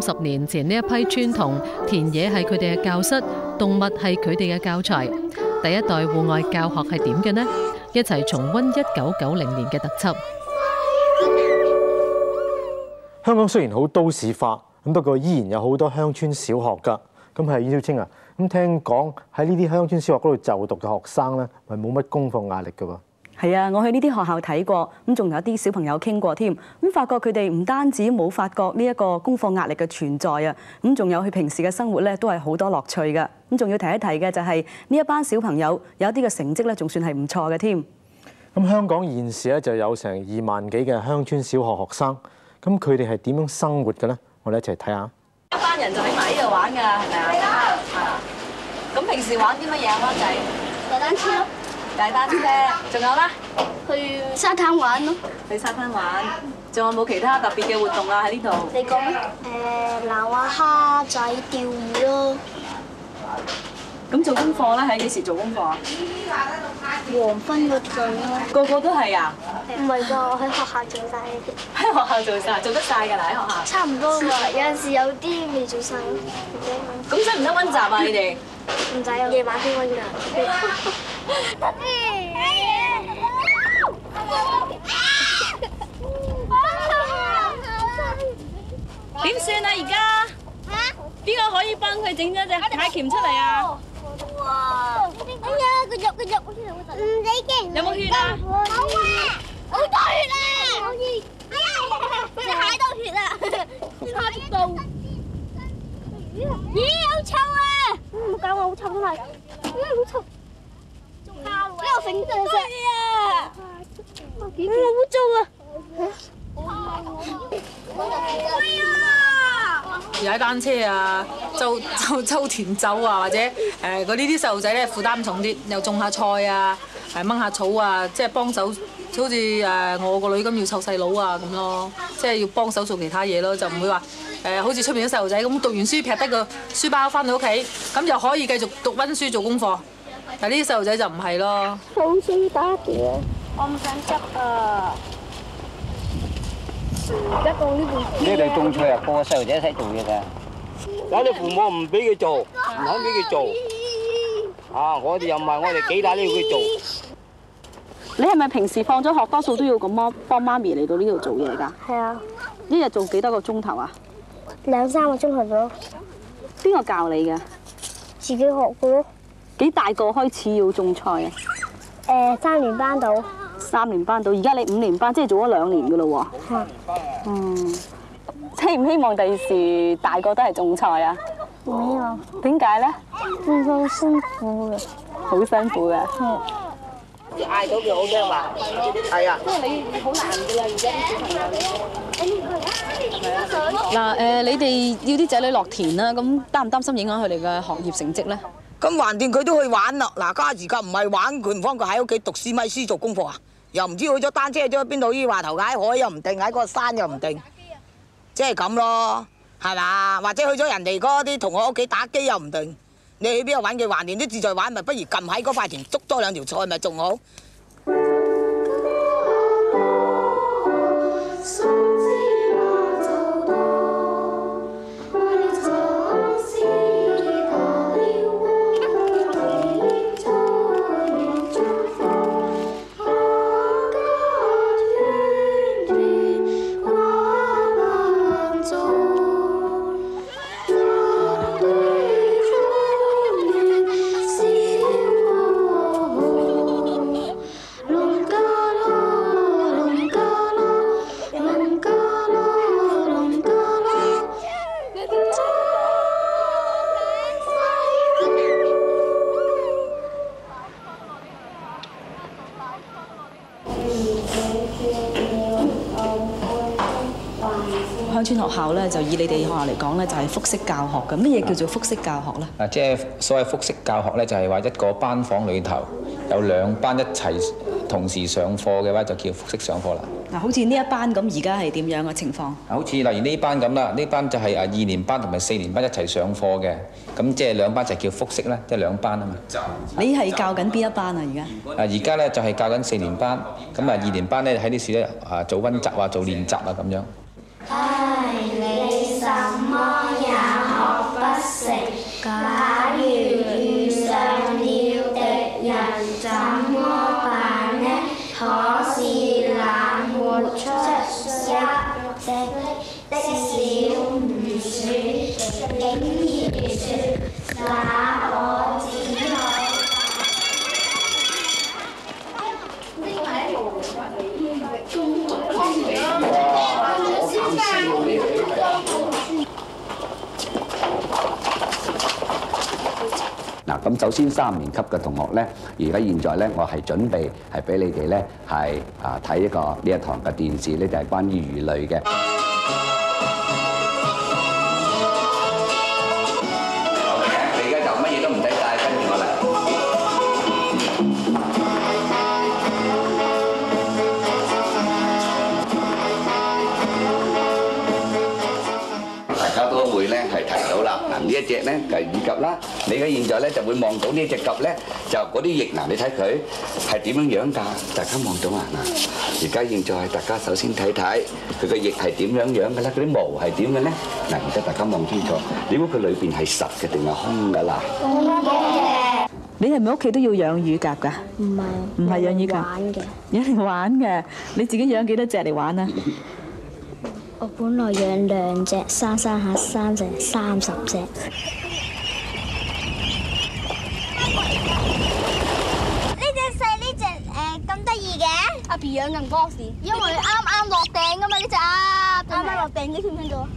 三十年前，呢一批村童，田野係佢哋嘅教室，動物係佢哋嘅教材。第一代戶外教學係點嘅呢？一齊重溫一九九零年嘅特輯。香港雖然好都市化，咁不過依然有好多鄉村小學噶。咁係袁少清啊，咁聽講喺呢啲鄉村小學嗰度就讀嘅學生咧，係冇乜功課壓力噶。係啊，我去呢啲學校睇過，咁仲有啲小朋友傾過添，咁發覺佢哋唔單止冇發覺呢一個功課壓力嘅存在啊，咁仲有佢平時嘅生活咧都係好多樂趣㗎，咁仲要提一提嘅就係、是、呢一班小朋友有一啲嘅成績咧仲算係唔錯嘅添。咁香港現時咧就有成二萬幾嘅鄉村小學學生，咁佢哋係點樣生活嘅咧？我哋一齊睇下。一班人就喺埋呢度玩㗎，係咪啊？係啊的，係啦。咁平時玩啲乜嘢啊，媽仔？踩單車咯。踩單車，仲有啦，去沙灘玩咯，去沙灘玩，仲有冇其他特別嘅活動啊？喺呢度，你講啦，誒撈下蝦仔、釣魚咯。咁做功課咧，喺幾時做功課啊？黃昏嗰陣咯。個個都係啊？唔係㗎，我喺學校做晒嘅。喺學校做晒，做得晒㗎啦？喺學校。差唔多㗎，有陣時有啲未做晒。咁使唔使溫習啊？你哋唔使啊，夜晚先溫㗎。點算啊？而家，邊個可以幫佢整咗隻蟹鉗出嚟啊？哇！哎呀，個肉個肉，唔使驚！有冇血啊？有啊！好多血啊！哎呀，隻蟹都血啦！快啲到！咦，好臭啊！唔好搞我，好臭出嚟！嗯，好臭。對啊，好我做啊？對啊、哎呀！踩單車啊，周周周田走啊，或者誒，嗰呢啲細路仔咧負擔重啲，又種下菜啊，誒掹下草啊，即係幫手，好似誒我個女咁要湊細佬啊咁咯，即係要幫手做其他嘢咯，就唔會話誒好似出邊啲細路仔咁讀完書劈低個書包翻到屋企，咁又可以繼續讀温書做功課。嗱啲細路仔就唔係咯，好衰打嘅，我唔想執啊！而家到呢邊，你哋種菜啊？個細路仔都識做嘢㗎，有啲父母唔俾佢做，唔肯俾佢做。啊，我哋又唔係，我哋幾大都要佢做。你係咪平時放咗學多數都要咁樣幫媽咪嚟到呢度做嘢㗎？係啊，一日做幾多個鐘頭啊？兩三個鐘頭咯。邊個教你㗎？自己學過咯。幾大個開始要種菜啊？誒三年班到，三年班到。而家你五年班，即係做咗兩年嘅咯喎。五年班。嗯。希唔希望第時大個都係種菜啊？唔希望。點解咧？種菜好辛苦嘅。好辛苦嘅。嗯。要嗌到佢好驚嘛？係啊。即係你好難嘅啦，而家啲小朋友。係啊。嗱誒，你哋要啲仔女落田啦，咁擔唔擔心影響佢哋嘅學業成績咧？咁橫掂佢都去玩咯，嗱家下而家唔係玩，佢唔放佢喺屋企讀書咪書做功課啊，又唔知去咗單車咗去邊度，依話頭喺海又唔定，喺個山又唔定，即係咁咯，係嘛？或者去咗人哋嗰啲同學屋企打機又唔定，你去邊度玩嘅橫掂都自在玩，咪不如撳喺嗰塊田捉多兩條菜咪仲好。學校咧就以你哋學校嚟講咧，就係複式教學嘅。乜嘢叫做複式教學咧？啊，即係所謂複式教學咧，就係話一個班房裏頭有兩班一齊同時上課嘅話，就叫複式上課啦。嗱，好似呢一班咁，而家係點樣嘅情況？啊，好似例如呢一班咁啦，呢班就係啊二年班同埋四年班一齊上課嘅，咁即係兩班就叫複式啦，即係兩班啊嘛。就你係教緊邊一班啊？而家啊，而家咧就係教緊四年班，咁啊二年班咧喺啲時咧啊做溫習啊，做練習啊咁樣。假如遇上了敵人怎麼辦呢？可是那沒出息的，的，的小母鼠，竟然說那我只好……” 咁首先三年級嘅同學咧，而家現在咧，我係準備係俾你哋咧，係啊睇一個呢一堂嘅電視呢就係關於魚類嘅。隻咧就乳鴿啦，你而家現在咧就會望到呢隻鴿咧，就嗰啲翼嗱，你睇佢係點樣樣㗎？大家望到嘛？嗱，而家現在大家首先睇睇佢嘅翼係點樣樣嘅啦，嗰啲毛係點嘅咧？嗱，而家大家望清楚，你估佢裏邊係實嘅定係空嘅啦？你係咪屋企都要養乳鴿㗎？唔係，唔係養乳鴿。玩嘅，有時玩嘅，你自己養幾多隻嚟玩啊？我本來養兩隻，生生下生成三十隻。呢隻細呢隻，誒咁得意嘅？阿 B 養咁多時，因為啱啱落頂噶嘛呢隻啊，啱啱落頂嘅，聽唔聽到。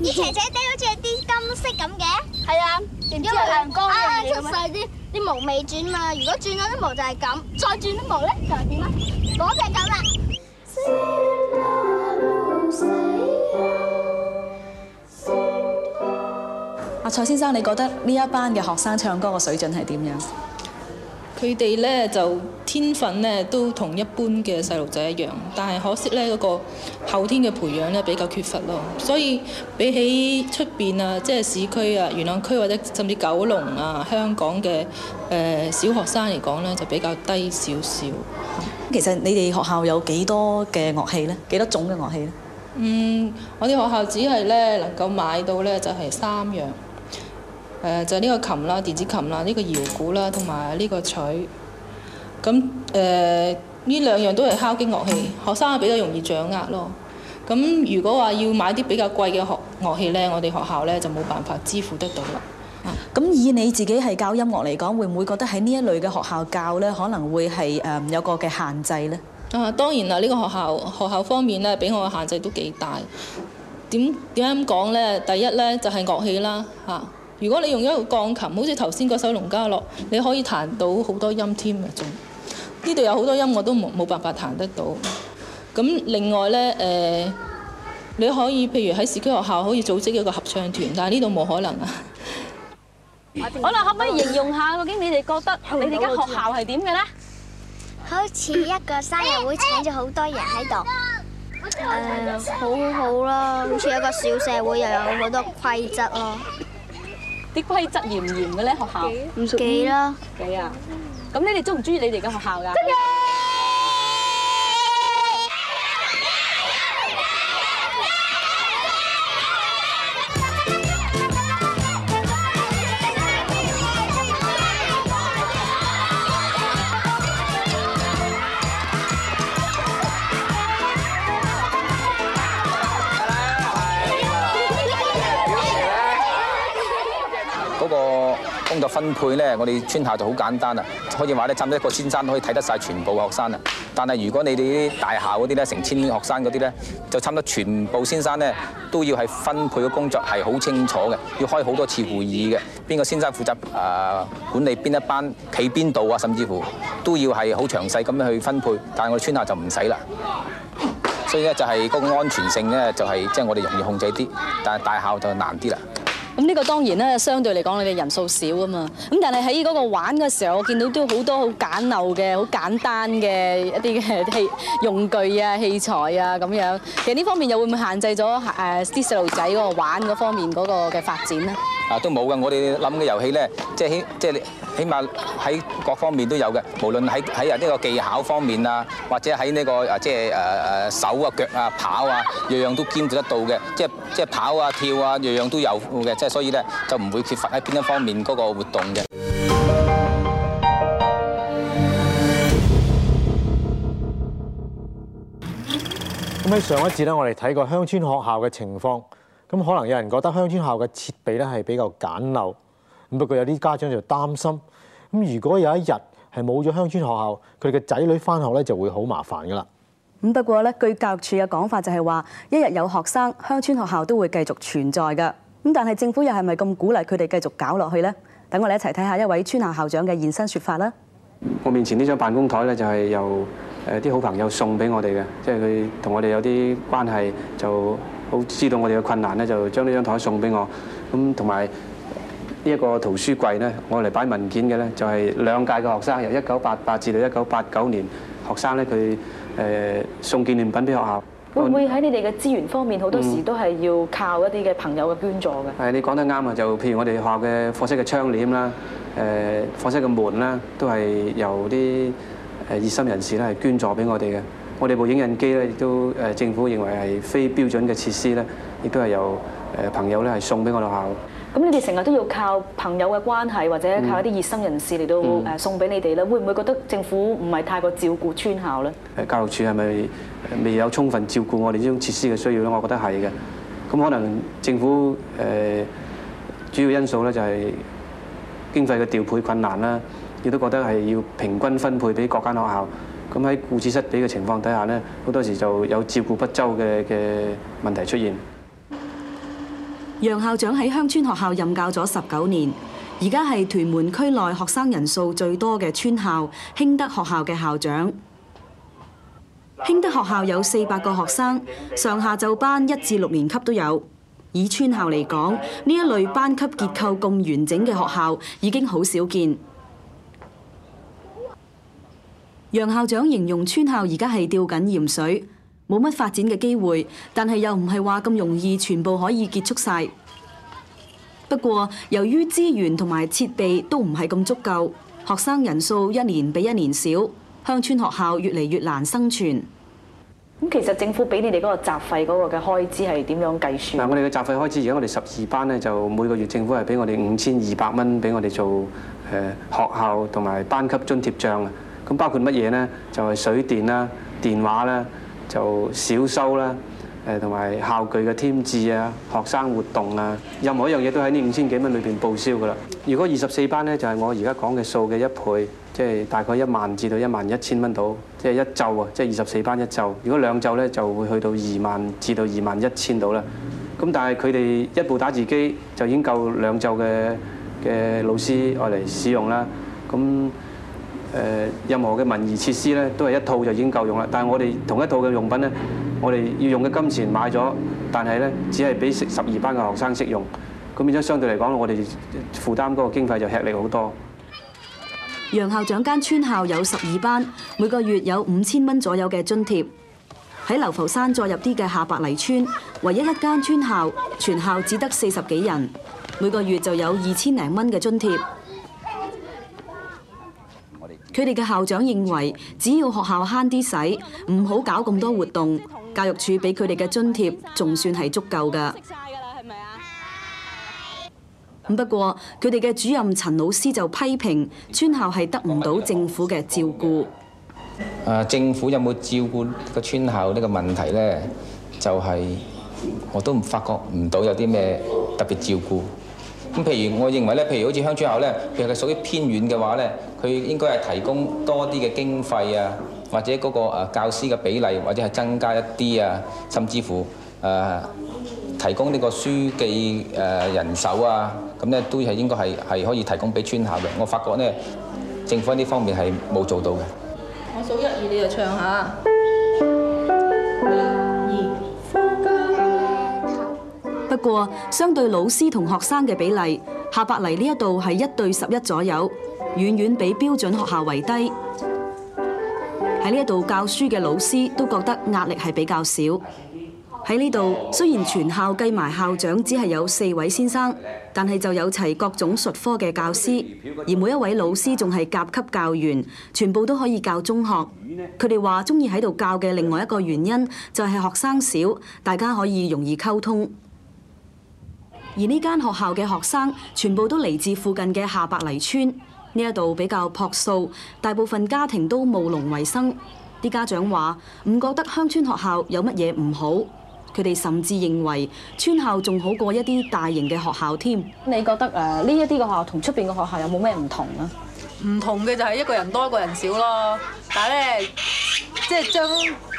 咦，斜斜哋好似係啲金色咁嘅？係啊，然之後陽光嚟嘅咩？出細啲啲毛未轉嘛，如果轉咗啲毛就係咁，再轉啲毛咧就係點啊？嗰隻咁啦。阿、啊、蔡先生，你覺得呢一班嘅學生唱歌嘅水準係點樣？佢哋呢就天分呢都同一般嘅細路仔一樣，但係可惜呢嗰、那個後天嘅培養呢比較缺乏咯，所以比起出邊啊，即係市區啊、元朗區或者甚至九龍啊、香港嘅誒、呃、小學生嚟講呢，就比較低少少。其實你哋學校有幾多嘅樂器呢？幾多種嘅樂器呢？嗯，我哋學校只係咧能夠買到咧就係三樣，誒、呃、就係、是、呢個琴啦、電子琴啦、呢、這個搖鼓啦，同埋呢個錘。咁誒呢兩樣都係敲擊樂器，學生啊比較容易掌握咯。咁如果話要買啲比較貴嘅學樂器咧，我哋學校咧就冇辦法支付得到啦。咁、嗯、以你自己係教音樂嚟講，會唔會覺得喺呢一類嘅學校教咧，可能會係誒有一個嘅限制呢？啊，當然啦！呢、這個學校學校方面呢，俾我嘅限制都幾大。點點樣講呢？第一呢，就係、是、樂器啦，嚇、啊！如果你用一個鋼琴，好似頭先嗰首《農家樂》，你可以彈到好多音添啊！仲呢度有好多音樂，我都冇冇辦法彈得到。咁另外呢，誒、啊，你可以譬如喺市區學校可以組織一個合唱團，但係呢度冇可能啊。好啦吧，可唔可以形容下究竟？嗯、你哋覺得你哋間學校係點嘅呢？嗯嗯嗯嗯嗯嗯嗯好似一個生日會，請咗好多人喺度。誒、uh,，好好啦，好似一個小社會，又有好多規則啊。啲規則嚴唔嚴嘅咧？學校？唔幾啦。幾啊？咁了你哋中唔中意你哋嘅學校噶？真嘅。分配呢，我哋村校就好簡單啦。可以話呢，差唔多一個先生可以睇得晒全部學生啊。但係如果你哋啲大校嗰啲呢，成千學生嗰啲呢，就差唔多全部先生呢，都要係分配嘅工作係好清楚嘅，要開好多次會議嘅。邊個先生負責啊、呃、管理邊一班，企邊度啊，甚至乎都要係好詳細咁樣去分配。但係我哋村校就唔使啦。所以呢，就係個安全性呢，就係即係我哋容易控制啲，但係大校就難啲啦。咁呢個當然咧，相對嚟講，你哋人數少啊嘛。咁但係喺嗰個玩嘅時候，我見到都好多好簡陋嘅、好簡單嘅一啲嘅器用具啊、器材啊咁樣。其實呢方面又會唔會限制咗誒啲細路仔嗰個玩嗰方面嗰個嘅發展咧？啊，都冇嘅，我哋諗嘅遊戲咧，即係起即係起碼喺各方面都有嘅。無論喺喺呢個技巧方面啊，或者喺呢個啊即係誒誒手啊腳啊跑啊，樣樣都兼顧得到嘅。即係即係跑啊跳啊，樣樣都有嘅。所以咧就唔會缺乏喺邊一方面嗰個活動嘅。咁喺上一節咧，我哋睇過鄉村學校嘅情況。咁可能有人覺得鄉村學校嘅設備咧係比較簡陋。咁不過有啲家長就擔心。咁如果有一日係冇咗鄉村學校，佢哋嘅仔女返學咧就會好麻煩㗎喇。咁不過咧，據教育署嘅講法就係話，一日有學生，鄉村學校都會繼續存在嘅。咁但係政府又係咪咁鼓勵佢哋繼續搞落去呢？等我哋一齊睇下一位村校校長嘅現身說法啦。我面前呢張辦公枱呢，就係由誒啲好朋友送俾我哋嘅，即係佢同我哋有啲關係，就好知道我哋嘅困難呢，就將呢張枱送俾我。咁同埋呢一個圖書櫃呢，我嚟擺文件嘅呢，就係兩屆嘅學生由一九八八至到一九八九年，學生呢，佢誒送紀念品俾學校。會唔會喺你哋嘅資源方面，好多時都係要靠一啲嘅朋友嘅捐助嘅？係，你講得啱啊！就譬如我哋學校嘅課室嘅窗簾啦、誒課室嘅門啦，都係由啲誒熱心人士啦係捐助俾我哋嘅。我哋部影印機咧亦都誒政府認為係非標準嘅設施咧，亦都係由誒朋友咧係送俾我哋學校。咁你哋成日都要靠朋友嘅關係，或者靠一啲熱心人士嚟到誒送俾你哋咧，會唔會覺得政府唔係太過照顧村校咧？誒，教育署係咪未有充分照顧我哋呢種設施嘅需要咧？我覺得係嘅。咁可能政府誒主要因素咧就係經費嘅調配困難啦。亦都覺得係要平均分配俾各間學校。咁喺顧此失彼嘅情況底下咧，好多時就有照顧不周嘅嘅問題出現。楊校長喺鄉村學校任教咗十九年，而家係屯門區內學生人數最多嘅村校興德學校嘅校長。興德學校有四百個學生，上下晝班一至六年級都有。以村校嚟講，呢一類班級結構咁完整嘅學校已經好少見。楊校長形容村校而家係吊緊鹽水。冇乜發展嘅機會，但係又唔係話咁容易，全部可以結束晒。不過，由於資源同埋設備都唔係咁足夠，學生人數一年比一年少，鄉村學校越嚟越難生存。咁其實政府俾你哋嗰個雜費嗰個嘅開支係點樣計算？嗱，我哋嘅雜費開支，而家我哋十二班咧，就每個月政府係俾我哋五千二百蚊俾我哋做誒學校同埋班級津貼帳啊。咁包括乜嘢呢？就係水電啦、電話啦。就少收啦，誒同埋校具嘅添置啊、學生活動啊，任何一樣嘢都喺呢五千幾蚊裏邊報銷㗎啦。如果二十四班咧，就係我而家講嘅數嘅一倍，即係大概一萬至到一萬一千蚊到，即係一晝啊，即係二十四班一晝。如果兩晝咧，就會去到二萬至到二萬一千到啦。咁但係佢哋一部打字機就已經夠兩晝嘅嘅老師愛嚟使用啦。咁誒任何嘅文娛設施咧，都係一套就已經夠用啦。但係我哋同一套嘅用品咧，我哋要用嘅金錢買咗，但係咧只係俾十十二班嘅學生適用，咁變咗相對嚟講，我哋負擔嗰個經費就吃力好多。楊校長間村校有十二班，每個月有五千蚊左右嘅津貼。喺流浮山再入啲嘅下白泥村，唯一一間村校，全校只得四十幾人，每個月就有二千零蚊嘅津貼。佢哋嘅校長認為，只要學校慳啲使，唔好搞咁多活動，教育署俾佢哋嘅津貼仲算係足夠㗎。咁不過，佢哋嘅主任陳老師就批評村校係得唔到政府嘅照顧。啊，政府有冇照顧個村校呢個問題呢？就係、是、我都唔發覺唔到有啲咩特別照顧。咁譬如，我認為咧，譬如好似鄉村校咧，譬如佢屬於偏遠嘅話咧，佢應該係提供多啲嘅經費啊，或者嗰個教師嘅比例，或者係增加一啲啊，甚至乎誒、啊、提供呢個書記誒人手啊，咁咧都係應該係係可以提供俾村校嘅。我發覺咧，政府呢方面係冇做到嘅。我數一二，你就唱下。不過相對老師同學生嘅比例，下白泥呢一度係一對十一左右，遠遠比標準學校為低。喺呢一度教書嘅老師都覺得壓力係比較少。喺呢度雖然全校計埋校長，只係有四位先生，但係就有齊各種術科嘅教師，而每一位老師仲係甲級教員，全部都可以教中學。佢哋話：鍾意喺度教嘅另外一個原因就係學生少，大家可以容易溝通。而呢間學校嘅學生全部都嚟自附近嘅下白泥村，呢一度比較樸素，大部分家庭都務農為生。啲家長話唔覺得鄉村學校有乜嘢唔好，佢哋甚至認為村校仲好過一啲大型嘅學校添。你覺得誒呢一啲嘅學校同出邊嘅學校有冇咩唔同啊？唔同嘅就係一個人多一個人少咯，但係咧。即係將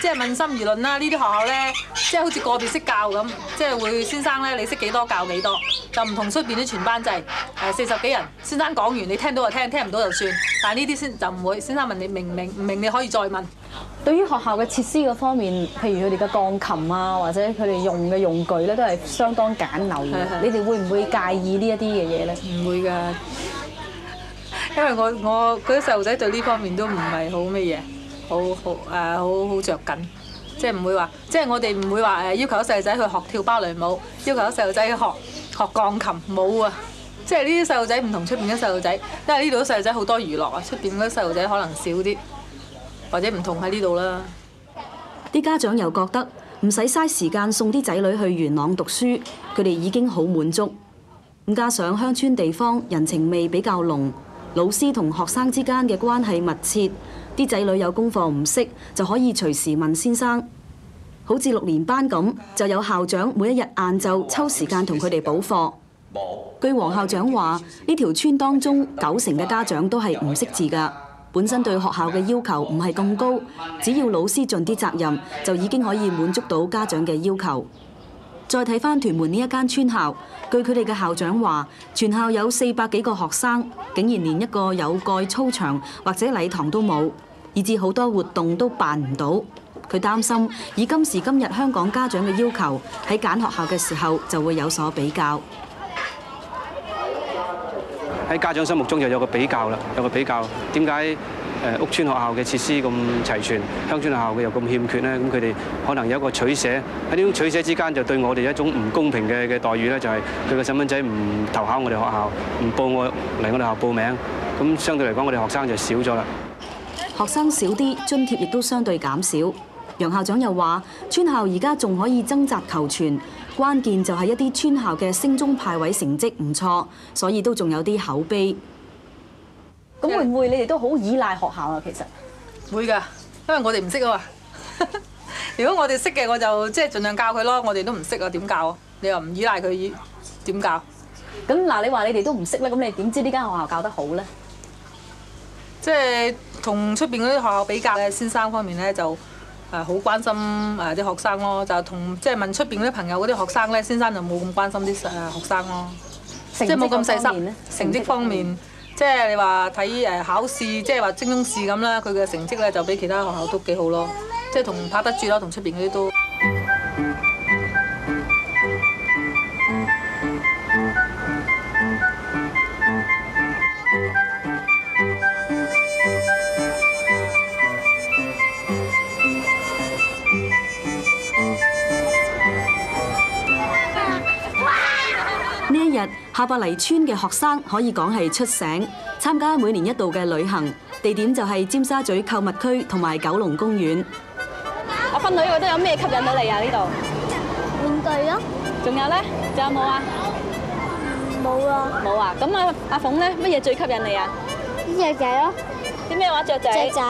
即係問心而論啦，呢啲學校呢，即係好似個別式教咁，即係會先生呢，你識幾多教幾多，就唔同出邊啲全班制誒四十幾人，先生講完你聽到就聽，聽唔到就算。但係呢啲先就唔會，先生問你明唔明？唔明你可以再問。對於學校嘅設施嗰方面，譬如佢哋嘅鋼琴啊，或者佢哋用嘅用具呢，都係相當簡陋嘅。的你哋會唔會介意呢一啲嘅嘢呢？唔會㗎，因為我我嗰啲細路仔對呢方面都唔係好乜嘢。好好誒，好好着緊，即係唔會話，即係我哋唔會話誒要求啲細路仔去學跳芭蕾舞，要求啲細路仔去學學鋼琴舞啊！即係呢啲細路仔唔同出面嘅細路仔，因為呢度啲細路仔好多娛樂啊，出面嘅啲細路仔可能少啲，或者唔同喺呢度啦。啲家長又覺得唔使嘥時間送啲仔女去元朗讀書，佢哋已經好滿足。咁加上鄉村地方人情味比較濃，老師同學生之間嘅關係密切。啲仔女有功課唔識就可以隨時問先生，好似六年班咁，就有校長每一日晏晝抽時間同佢哋補課。據黃校長話，呢條村當中九成嘅家長都係唔識字㗎，本身對學校嘅要求唔係咁高，只要老師盡啲責任，就已經可以滿足到家長嘅要求。再睇翻屯門呢一間村校，據佢哋嘅校長話，全校有四百幾個學生，竟然連一個有蓋操場或者禮堂都冇，以至好多活動都辦唔到。佢擔心以今時今日香港家長嘅要求，喺揀學校嘅時候就會有所比較。喺家長心目中就有個比較啦，有個比較，點解？誒屋村學校嘅設施咁齊全，鄉村學校嘅又咁欠缺呢。咁佢哋可能有一個取捨，喺呢種取捨之間就對我哋有一種唔公平嘅嘅待遇咧，就係佢個細蚊仔唔投考我哋學校，唔報我嚟我哋學校報名，咁相對嚟講我哋學生就少咗啦。學生少啲，津貼亦都相對減少。楊校長又話，村校而家仲可以掙扎求存，關鍵就係一啲村校嘅升中派位成績唔錯，所以都仲有啲口碑。咁會唔會你哋都好依賴學校啊？其實會㗎，因為我哋唔識啊嘛！ 如果我哋識嘅，我就即係盡量教佢咯。我哋都唔識啊，點教啊？你又唔依賴佢點教？咁嗱，你話你哋都唔識咧，咁你點知呢間學校教得好咧？即係同出邊嗰啲學校比較咧，先生方面咧就係好關心誒啲學生咯，就同即係問出邊嗰啲朋友嗰啲學生咧，先生就冇咁關心啲誒學生咯，即係冇咁細心。成績方面即係你話睇誒考試，即係話精英試咁啦，佢嘅成績咧就比其他學校都幾好咯，即係同拍得住啦，同出邊嗰啲都。下白泥村嘅學生可以講係出省參加每年一度嘅旅行，地點就係尖沙咀購物區同埋九龍公園。阿芬女，覺得有咩吸引到你啊？呢度玩具啊？仲有咧？仲有冇啊？冇啦。冇啊？咁啊，阿鳳咧，乜嘢最吸引你啊？雀仔咯。啲咩話雀仔？雀仔。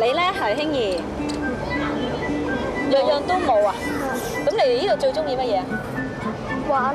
你咧係興兒，樣樣都冇啊？咁你哋呢度最中意乜嘢啊？玩。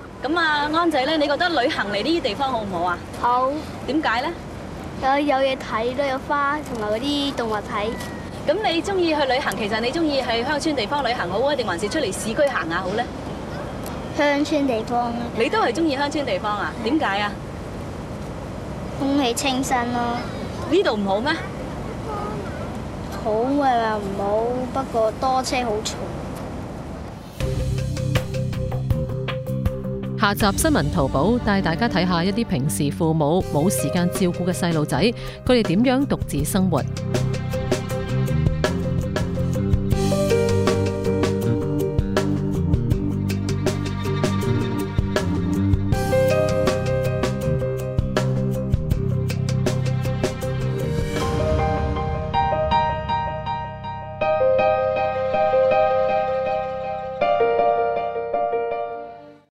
咁啊，安仔咧，你覺得旅行嚟呢啲地方好唔好啊？好。點解咧？有有嘢睇咯，都有花同埋嗰啲動物睇。咁你中意去旅行？其實你中意去鄉村地方旅行好，定還是出嚟市區行下好咧？鄉村地方。你都係中意鄉村地方啊？點解啊？空氣清新咯。呢度唔好咩？好咪話唔好，不過多車好嘈。下集新聞淘寶帶大家睇下一啲平時父母冇時間照顧嘅細路仔，佢哋點樣獨自生活。